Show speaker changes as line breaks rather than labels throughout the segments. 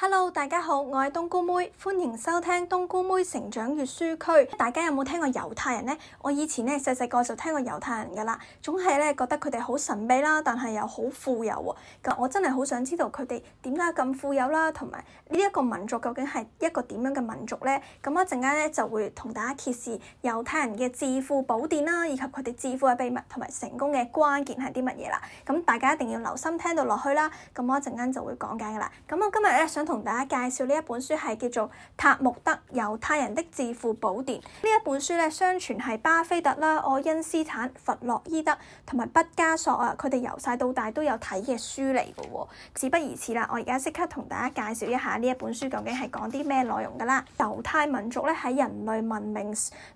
Hello，大家好，我係冬菇妹，歡迎收聽冬菇妹成長閱書區。大家有冇聽過猶太人呢？我以前咧細細個就聽過猶太人噶啦，總係咧覺得佢哋好神秘啦，但係又好富有喎。咁我真係好想知道佢哋點解咁富有啦，同埋呢一個民族究竟係一個點樣嘅民族呢？咁一陣間咧就會同大家揭示猶太人嘅致富寶典啦，以及佢哋致富嘅秘密同埋成功嘅關鍵係啲乜嘢啦。咁大家一定要留心聽到落去啦。咁我一陣間就會講解噶啦。咁我今日咧想同大家介紹呢一本書，係叫做《塔木德猶太人的致富寶典》呢一本書咧，相傳係巴菲特啦、愛因斯坦、弗洛伊德同埋畢加索啊，佢哋由細到大都有睇嘅書嚟噶。事不宜遲啦，我而家即刻同大家介紹一下呢一本書究竟係講啲咩內容噶啦。猶太民族咧喺人類文明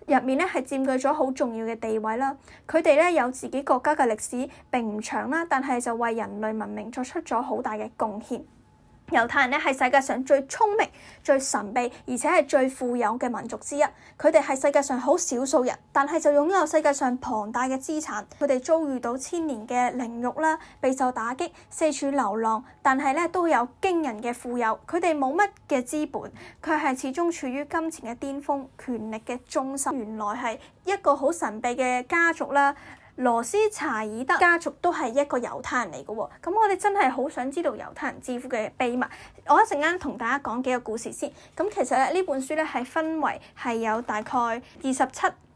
入面咧係佔據咗好重要嘅地位啦。佢哋咧有自己國家嘅歷史，並唔長啦，但係就為人類文明作出咗好大嘅貢獻。猶太人咧係世界上最聰明、最神秘，而且係最富有嘅民族之一。佢哋係世界上好少數人，但係就擁有世界上龐大嘅資產。佢哋遭遇到千年嘅凌辱啦，備受打擊，四處流浪，但係咧都有驚人嘅富有。佢哋冇乜嘅資本，佢係始終處於金錢嘅巔峰、權力嘅中心。原來係一個好神秘嘅家族啦。羅斯柴爾德家族都係一個猶太人嚟嘅喎，咁我哋真係好想知道猶太人致富嘅秘密。我一陣間同大家講幾個故事先。咁其實咧，呢本書咧係分為係有大概二十七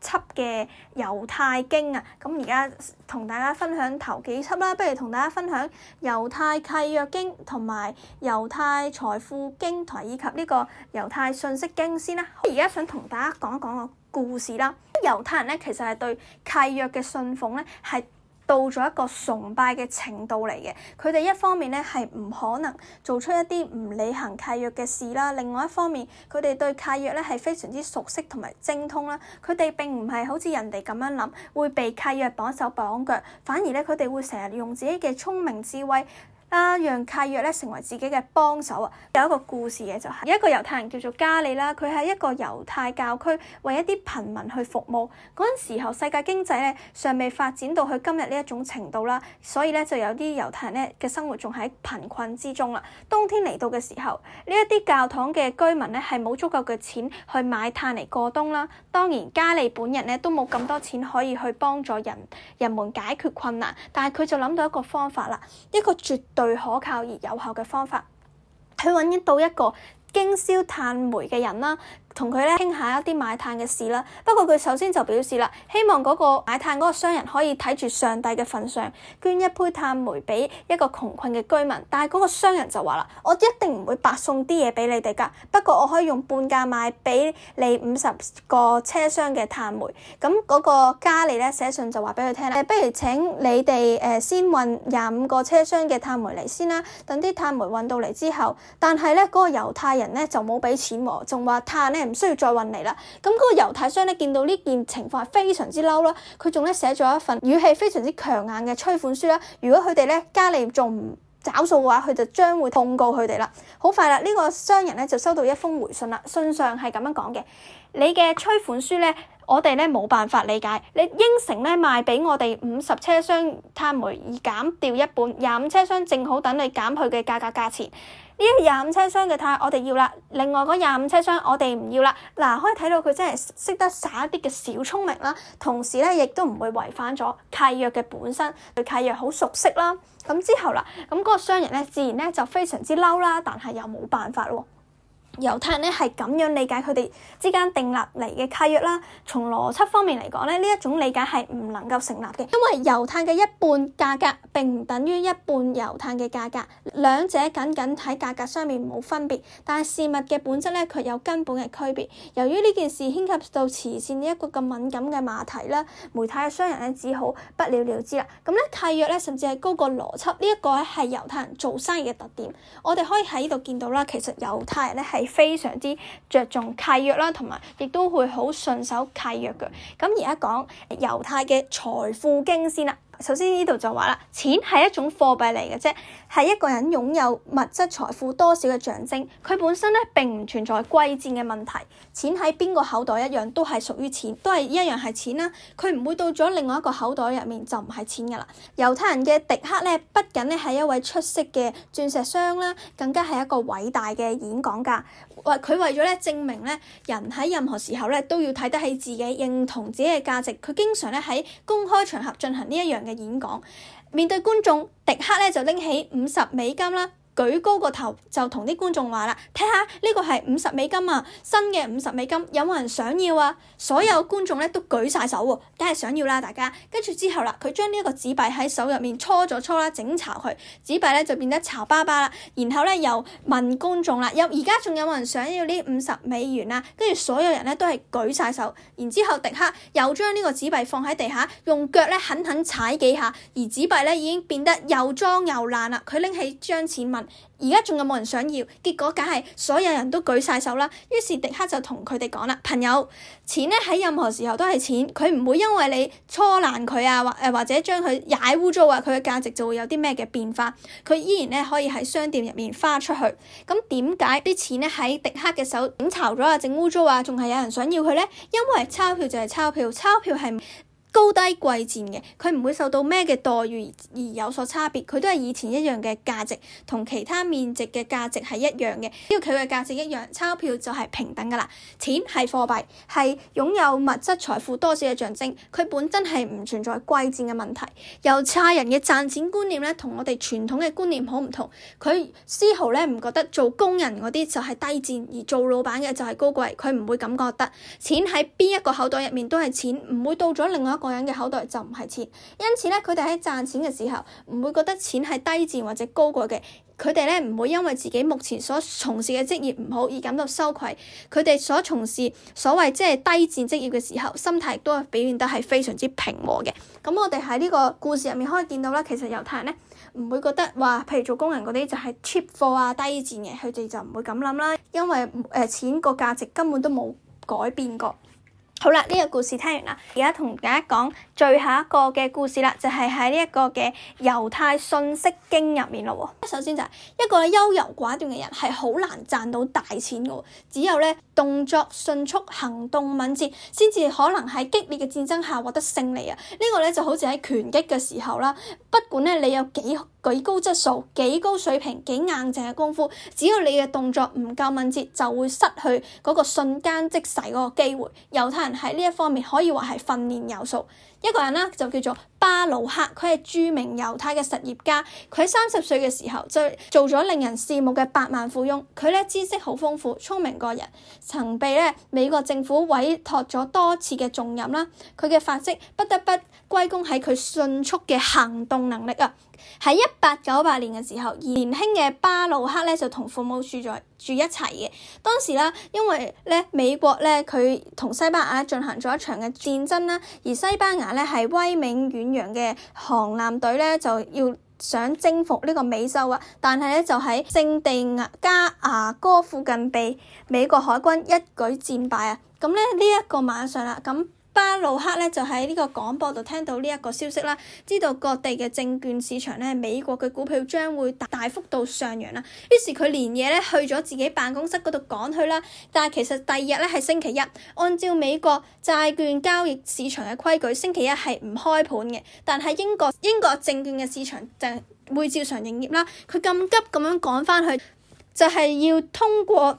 輯嘅猶太經啊。咁而家同大家分享頭幾輯啦，不如同大家分享猶太契約經同埋猶太財富經，同埋以及呢個猶太信息經先啦。而家想同大家講一講我故事啦，猶太人咧其實係對契約嘅信奉咧，係到咗一個崇拜嘅程度嚟嘅。佢哋一方面咧係唔可能做出一啲唔履行契約嘅事啦，另外一方面佢哋對契約咧係非常之熟悉同埋精通啦。佢哋並唔係好似人哋咁樣諗，會被契約綁手綁腳，反而咧佢哋會成日用自己嘅聰明智慧。啊讓契約咧成為自己嘅幫手啊！有一個故事嘅就係、是、有一個猶太人叫做加利啦，佢係一個猶太教區為一啲貧民去服務。嗰陣時候世界經濟咧尚未發展到去今日呢一種程度啦，所以咧就有啲猶太人咧嘅生活仲喺貧困之中啦。冬天嚟到嘅時候，呢一啲教堂嘅居民咧係冇足夠嘅錢去買炭嚟過冬啦。當然加利本人咧都冇咁多錢可以去幫助人人們解決困難，但係佢就諗到一個方法啦，一個絕。最可靠而有效嘅方法，去揾一到一個經銷炭煤嘅人啦。同佢咧傾下一啲買炭嘅事啦。不過佢首先就表示啦，希望嗰個買炭嗰個商人可以睇住上帝嘅份上，捐一杯炭煤俾一個窮困嘅居民。但係嗰個商人就話啦：我一定唔會白送啲嘢俾你哋噶。不過我可以用半價買俾你五十個車廂嘅炭煤。咁嗰個加利咧寫信就話俾佢聽啦：不如請你哋誒先運廿五個車廂嘅炭煤嚟先啦。等啲炭煤運到嚟之後，但係咧嗰個猶太人咧就冇俾錢喎，仲話炭咧。唔需要再運嚟啦，咁、那、嗰個猶太商咧見到呢件情況係非常之嬲啦，佢仲咧寫咗一份語氣非常之強硬嘅催款書啦。如果佢哋咧加利仲唔找數嘅話，佢就將會控告佢哋啦。好快啦，呢、這個商人咧就收到一封回信啦，信上係咁樣講嘅：你嘅催款書咧。我哋咧冇辦法理解，你應承咧賣俾我哋五十車廂炭煤，而減掉一半廿五車廂，正好等你減去嘅價格價錢。呢廿五車廂嘅炭我哋要啦，另外嗰廿五車廂我哋唔要啦。嗱、啊，可以睇到佢真係識得耍一啲嘅小聰明啦，同時咧亦都唔會違反咗契約嘅本身，對契約好熟悉啦。咁之後啦，咁、那、嗰個商人咧自然咧就非常之嬲啦，但係又冇辦法喎。猶太人咧係咁樣理解佢哋之間訂立嚟嘅契約啦。從邏輯方面嚟講咧，呢一種理解係唔能夠成立嘅，因為猶太嘅一半價格並唔等於一半猶太嘅價格，兩者僅僅喺價格上面冇分別，但係事物嘅本質咧卻有根本嘅區別。由於呢件事牽及到慈善呢一個咁敏感嘅話題啦，媒體嘅商人咧只好不了了之啦。咁咧契約咧甚至係高過邏輯，呢一個咧係猶太人做生意嘅特點。我哋可以喺呢度見到啦，其實猶太人咧係。非常之着重契，契約啦，同埋亦都會好順手契約嘅。咁而家講猶太嘅財富經先啦。首先呢度就話啦，錢係一種貨幣嚟嘅啫，係一個人擁有物質財富多少嘅象徵。佢本身咧並唔存在貴賤嘅問題，錢喺邊個口袋一樣都係屬於錢，都係一樣係錢啦。佢唔會到咗另外一個口袋入面就唔係錢噶啦。猶太人嘅迪克咧，不僅咧係一位出色嘅鑽石商啦，更加係一個偉大嘅演講家。話佢為咗證明人喺任何時候都要睇得起自己，認同自己嘅價值。佢經常咧喺公開場合進行呢一樣嘅演講，面對觀眾，迪克就拎起五十美金，舉高個頭就同啲觀眾話啦，睇下呢個係五十美金啊，新嘅五十美金，有冇人想要啊？所有觀眾咧都舉晒手啊，梗係想要啦，啊，大家。跟住之後啦，佢將呢一個紙幣喺手入面搓咗搓啦，整巢佢，紙幣咧就變得巢巴巴啦。然後咧又問觀眾啦，有而家仲有冇人想要呢五十美元啊？跟住所有人咧都係舉晒手。然之後迪克又將呢個紙幣放喺地下，用腳咧狠狠踩幾下，而紙幣咧已經變得又髒又爛啦。佢拎起張錢問。而家仲有冇人想要？結果梗係所有人都舉晒手啦。於是迪克就同佢哋講啦：朋友，錢咧喺任何時候都係錢，佢唔會因為你搓爛佢啊，或、誒或者將佢踩污糟啊，佢嘅價值就會有啲咩嘅變化。佢依然咧可以喺商店入面花出去。咁點解啲錢咧喺迪克嘅手整巢咗啊，整污糟啊，仲係有人想要佢呢？因為鈔票就係鈔票，鈔票係高低貴賤嘅，佢唔會受到咩嘅待遇而有所差別，佢都係以前一樣嘅價值，同其他面值嘅價值係一樣嘅。只要佢嘅價值一樣，鈔票就係平等㗎喇。錢係貨幣，係擁有物質財富多少嘅象徵，佢本身係唔存在貴賤嘅問題。猶太人嘅賺錢觀念咧，同我哋傳統嘅觀念好唔同，佢絲毫咧唔覺得做工人嗰啲就係低賤，而做老闆嘅就係高貴，佢唔會咁覺得。錢喺邊一個口袋入面都係錢，唔會到咗另外一個。個人嘅口袋就唔係錢，因此咧，佢哋喺賺錢嘅時候唔會覺得錢係低賤或者高貴嘅。佢哋咧唔會因為自己目前所從事嘅職業唔好而感到羞愧。佢哋所從事所謂即係低賤職業嘅時候，心態都係表現得係非常之平和嘅。咁我哋喺呢個故事入面可以見到啦，其實猶太人咧唔會覺得話，譬如做工人嗰啲就係 cheap 貨啊低賤嘅，佢哋就唔會咁諗啦，因為誒、呃、錢個價值根本都冇改變過。好啦，呢、這個故事聽完啦，而家同大家講最後一個嘅故事啦，就係喺呢一個嘅猶太信息經入面咯。首先就係、是、一個優柔寡斷嘅人係好難賺到大錢嘅，只有咧動作迅速、行動敏捷，先至可能喺激烈嘅戰爭下獲得勝利啊！這個、呢個咧就好似喺拳擊嘅時候啦，不管咧你有幾幾高質素、幾高水平、幾硬淨嘅功夫，只要你嘅動作唔夠敏捷，就會失去嗰個瞬間即逝嗰個機會。猶太喺呢一方面可以話係訓練有素，一個人啦就叫做。巴魯克佢係著名猶太嘅實業家，佢喺三十歲嘅時候就做咗令人羨慕嘅百萬富翁。佢咧知識好豐富，聰明過人，曾被咧美國政府委託咗多次嘅重任啦。佢嘅發跡不得不歸功喺佢迅速嘅行動能力啊！喺一八九八年嘅時候，年輕嘅巴魯克咧就同父母住，住在住一齊嘅。當時啦，因為咧美國咧佢同西班牙進行咗一場嘅戰爭啦，而西班牙咧係威名遠。遠洋嘅航艦隊咧就要想征服呢個美洲啊，但係咧就喺聖地亞哥附近被美國海軍一舉戰敗啊！咁咧呢一、這個晚上啦，咁。巴魯克咧就喺呢個廣播度聽到呢一個消息啦，知道各地嘅證券市場咧美國嘅股票將會大幅度上揚啦。於是佢連夜咧去咗自己辦公室嗰度趕去啦。但係其實第二日咧係星期一，按照美國債券交易市場嘅規矩，星期一係唔開盤嘅。但係英國英國證券嘅市場就會照常營業啦。佢咁急咁樣趕返去，就係、是、要通過，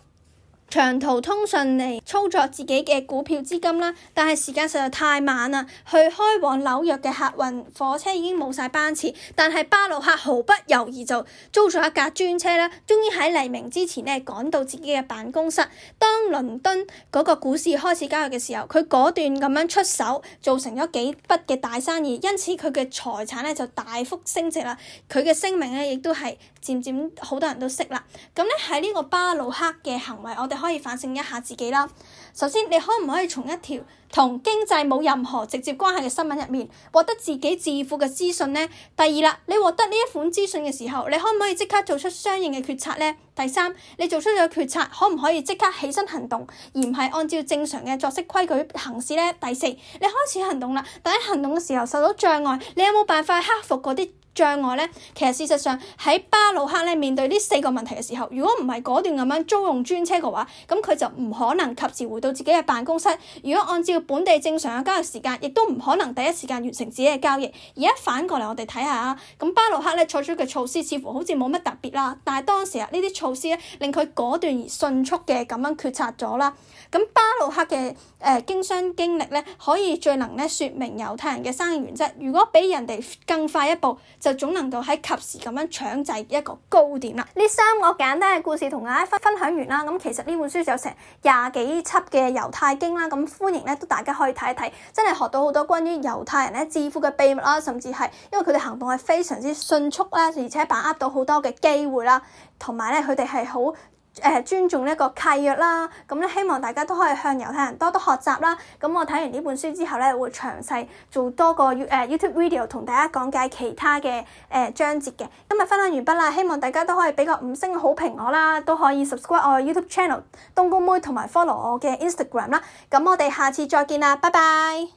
長途通訊嚟操作自己嘅股票資金啦，但係時間實在太晚啦，去開往紐約嘅客運火車已經冇晒班次，但係巴魯克毫不猶豫就租咗一架專車啦，終於喺黎明之前呢，趕到自己嘅辦公室。當倫敦嗰個股市開始交易嘅時候，佢果斷咁樣出手，造成咗幾筆嘅大生意，因此佢嘅財產呢就大幅升值啦。佢嘅聲名呢，亦都係漸漸好多人都識啦。咁呢，喺呢個巴魯克嘅行為，我哋可以反省一下自己啦。首先，你可唔可以從一條同經濟冇任何直接關係嘅新聞入面，獲得自己致富嘅資訊呢？第二啦，你獲得呢一款資訊嘅時候，你可唔可以即刻做出相應嘅決策呢？第三，你做出咗決策，可唔可以即刻起身行動，而唔係按照正常嘅作息規矩行事呢？第四，你開始行動啦，但喺行動嘅時候受到障礙，你有冇辦法克服嗰啲障礙呢？其實事實上喺巴魯克咧面對呢四個問題嘅時候，如果唔係果斷咁樣租用專車嘅話，咁佢就唔可能及時回到自己嘅辦公室；如果按照本地正常嘅交易時間，亦都唔可能第一時間完成自己嘅交易。而家反過嚟，我哋睇下啊，咁巴魯克咧採取嘅措施似乎好似冇乜特別啦。但係當時啊，呢啲措老師令佢果斷而迅速嘅咁樣決策咗啦。咁巴魯克嘅誒、呃、經商經歷咧，可以最能咧說明猶太人嘅生意原則。如果俾人哋更快一步，就總能夠喺及時咁樣搶制一個高點啦。呢三個簡單嘅故事同大家分分享完啦。咁其實呢本書就有成廿幾輯嘅猶太經啦。咁歡迎咧都大家可以睇一睇，真係學到好多關於猶太人咧致富嘅秘密啦，甚至係因為佢哋行動係非常之迅速啦，而且把握到好多嘅機會啦。同埋咧，佢哋係好誒尊重呢一個契約啦。咁咧，希望大家都可以向猶太人多多學習啦。咁我睇完呢本書之後咧，會詳細做多個誒 YouTube video 同大家講解其他嘅誒章節嘅。今日分享完畢啦，希望大家都可以俾個五星好評我啦，都可以 subscribe 我 YouTube channel 冬菇妹同埋 follow 我嘅 Instagram 啦。咁我哋下次再見啦，拜拜。